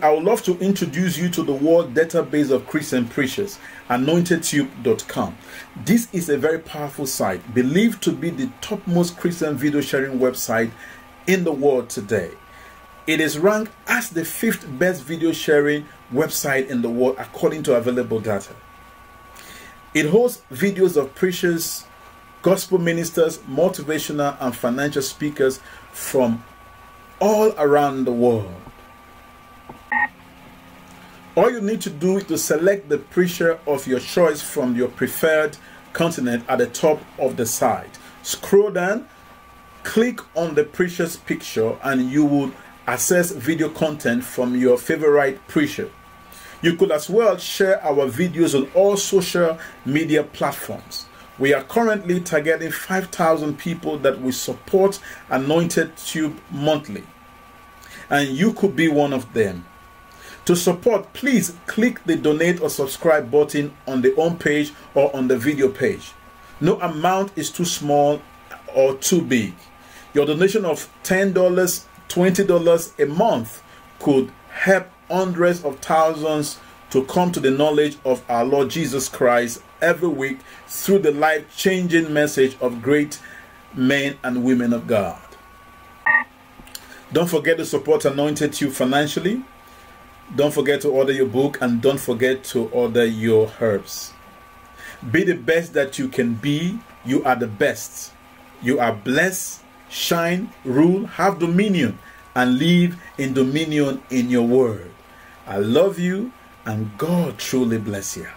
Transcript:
I would love to introduce you to the World Database of Christian Preachers, anointedtube.com. This is a very powerful site, believed to be the topmost Christian video sharing website in the world today. It is ranked as the fifth best video sharing website in the world according to available data. It hosts videos of preachers, gospel ministers, motivational and financial speakers from all around the world. All you need to do is to select the preacher of your choice from your preferred continent at the top of the site. Scroll down, click on the preacher's picture, and you will access video content from your favorite preacher. You could as well share our videos on all social media platforms. We are currently targeting 5,000 people that we support Anointed Tube monthly. And you could be one of them. To support, please click the donate or subscribe button on the home page or on the video page. No amount is too small or too big. Your donation of $10, $20 a month could help hundreds of thousands to come to the knowledge of our Lord Jesus Christ every week through the life changing message of great men and women of God. Don't forget to support Anointed You financially. Don't forget to order your book and don't forget to order your herbs. Be the best that you can be. You are the best. You are blessed, shine, rule, have dominion, and live in dominion in your word. I love you, and God truly bless you.